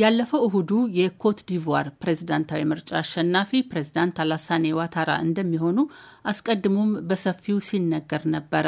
ያለፈው እሁዱ የኮት ዲቯር ፕሬዝዳንታዊ ምርጫ አሸናፊ ፕሬዝዳንት አላሳኔ ዋታራ እንደሚሆኑ አስቀድሞም በሰፊው ሲነገር ነበረ።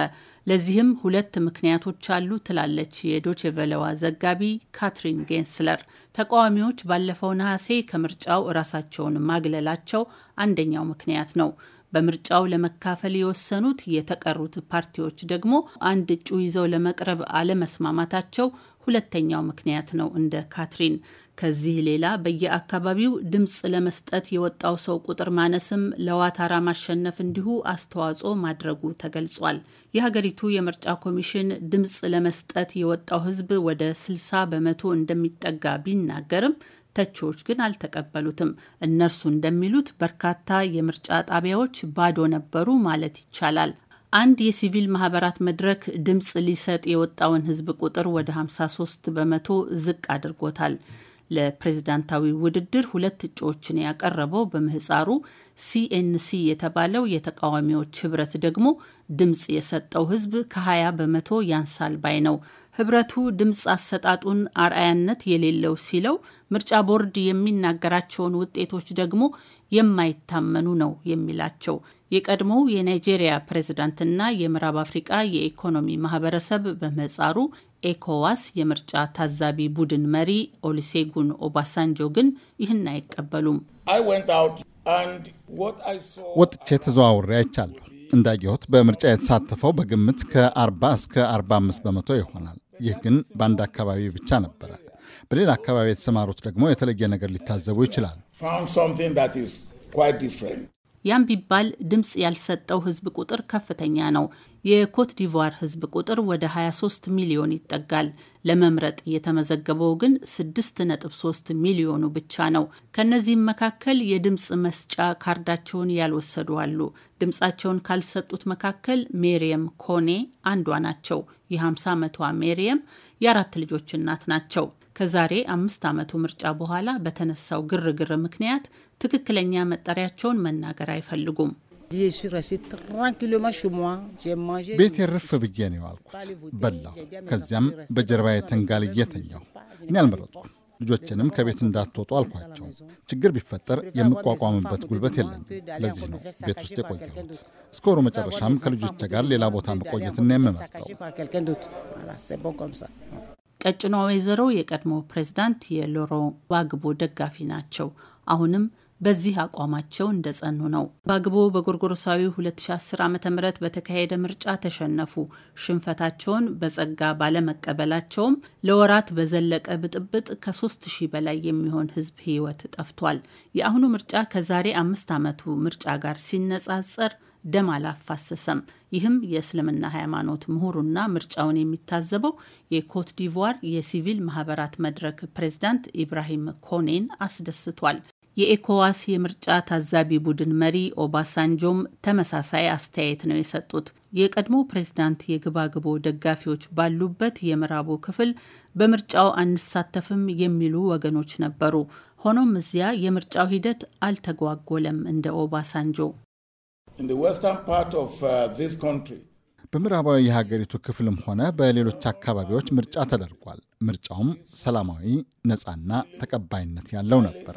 ለዚህም ሁለት ምክንያቶች አሉ ትላለች የዶችቬለዋ ዘጋቢ ካትሪን ጌንስለር። ተቃዋሚዎች ባለፈው ነሐሴ ከምርጫው ራሳቸውን ማግለላቸው አንደኛው ምክንያት ነው። በምርጫው ለመካፈል የወሰኑት የተቀሩት ፓርቲዎች ደግሞ አንድ እጩ ይዘው ለመቅረብ አለመስማማታቸው ሁለተኛው ምክንያት ነው። እንደ ካትሪን ከዚህ ሌላ በየአካባቢው ድምፅ ለመስጠት የወጣው ሰው ቁጥር ማነስም ለዋታራ ማሸነፍ እንዲሁ አስተዋጽኦ ማድረጉ ተገልጿል። የሀገሪቱ የምርጫ ኮሚሽን ድምፅ ለመስጠት የወጣው ሕዝብ ወደ 60 በመቶ እንደሚጠጋ ቢናገርም ተቺዎች ግን አልተቀበሉትም። እነርሱ እንደሚሉት በርካታ የምርጫ ጣቢያዎች ባዶ ነበሩ ማለት ይቻላል። አንድ የሲቪል ማህበራት መድረክ ድምፅ ሊሰጥ የወጣውን ህዝብ ቁጥር ወደ 53 በመቶ ዝቅ አድርጎታል። ለፕሬዝዳንታዊ ውድድር ሁለት እጩዎችን ያቀረበው በምህፃሩ ሲኤንሲ የተባለው የተቃዋሚዎች ህብረት ደግሞ ድምፅ የሰጠው ህዝብ ከ20 በመቶ ያንሳል ባይ ነው። ህብረቱ ድምፅ አሰጣጡን አርአያነት የሌለው ሲለው ምርጫ ቦርድ የሚናገራቸውን ውጤቶች ደግሞ የማይታመኑ ነው የሚላቸው። የቀድሞው የናይጄሪያ ፕሬዝዳንትና የምዕራብ አፍሪቃ የኢኮኖሚ ማህበረሰብ በምህፃሩ ኤኮዋስ የምርጫ ታዛቢ ቡድን መሪ ኦሊሴጉን ኦባሳንጆ ግን ይህን አይቀበሉም። ወጥቼ ተዘዋውሬ አይቻለሁ። እንዳየሁት በምርጫ የተሳተፈው በግምት ከ40 እስከ 45 በመቶ ይሆናል። ይህ ግን በአንድ አካባቢ ብቻ ነበረ። በሌላ አካባቢ የተሰማሩት ደግሞ የተለየ ነገር ሊታዘቡ ይችላል። ያም ቢባል ድምፅ ያልሰጠው ህዝብ ቁጥር ከፍተኛ ነው። የኮት ዲቯር ህዝብ ቁጥር ወደ 23 ሚሊዮን ይጠጋል። ለመምረጥ የተመዘገበው ግን 6.3 ሚሊዮኑ ብቻ ነው። ከእነዚህም መካከል የድምፅ መስጫ ካርዳቸውን ያልወሰዱ አሉ። ድምፃቸውን ካልሰጡት መካከል ሜሪየም ኮኔ አንዷ ናቸው። የ50 ዓመቷ ሜሪየም የአራት ልጆች እናት ናቸው። ከዛሬ አምስት ዓመቱ ምርጫ በኋላ በተነሳው ግርግር ምክንያት ትክክለኛ መጠሪያቸውን መናገር አይፈልጉም። ቤት የርፍ ብዬ ነው የዋልኩት። በላሁ፣ ከዚያም በጀርባ የተንጋል እየተኛሁ እኔ አልመረጥኩም። ልጆችንም ከቤት እንዳትወጡ አልኳቸው። ችግር ቢፈጠር የምቋቋምበት ጉልበት የለኝም። ለዚህ ነው ቤት ውስጥ የቆየሁት። እስከ ወሩ መጨረሻም ከልጆች ጋር ሌላ ቦታ መቆየትና የምመርጠው ቀጭኗ ወይዘሮ የቀድሞ ፕሬዝዳንት የሎሮ ባግቦ ደጋፊ ናቸው። አሁንም በዚህ አቋማቸው እንደጸኑ ነው። ባግቦ በጎርጎሮሳዊ 2010 ዓ ም በተካሄደ ምርጫ ተሸነፉ። ሽንፈታቸውን በጸጋ ባለመቀበላቸውም ለወራት በዘለቀ ብጥብጥ ከ3000 በላይ የሚሆን ሕዝብ ሕይወት ጠፍቷል። የአሁኑ ምርጫ ከዛሬ አምስት ዓመቱ ምርጫ ጋር ሲነጻጸር ደም አላፋሰሰም። ይህም የእስልምና ሃይማኖት ምሁሩና ምርጫውን የሚታዘበው የኮት ዲቯር የሲቪል ማህበራት መድረክ ፕሬዝዳንት ኢብራሂም ኮኔን አስደስቷል። የኤኮዋስ የምርጫ ታዛቢ ቡድን መሪ ኦባሳንጆም ተመሳሳይ አስተያየት ነው የሰጡት። የቀድሞ ፕሬዝዳንት የግባግቦ ደጋፊዎች ባሉበት የምዕራቡ ክፍል በምርጫው አንሳተፍም የሚሉ ወገኖች ነበሩ። ሆኖም እዚያ የምርጫው ሂደት አልተጓጎለም እንደ ኦባሳንጆ Uh, በምዕራባዊ የሀገሪቱ ክፍልም ሆነ በሌሎች አካባቢዎች ምርጫ ተደርጓል። ምርጫውም ሰላማዊ፣ ነፃና ተቀባይነት ያለው ነበረ።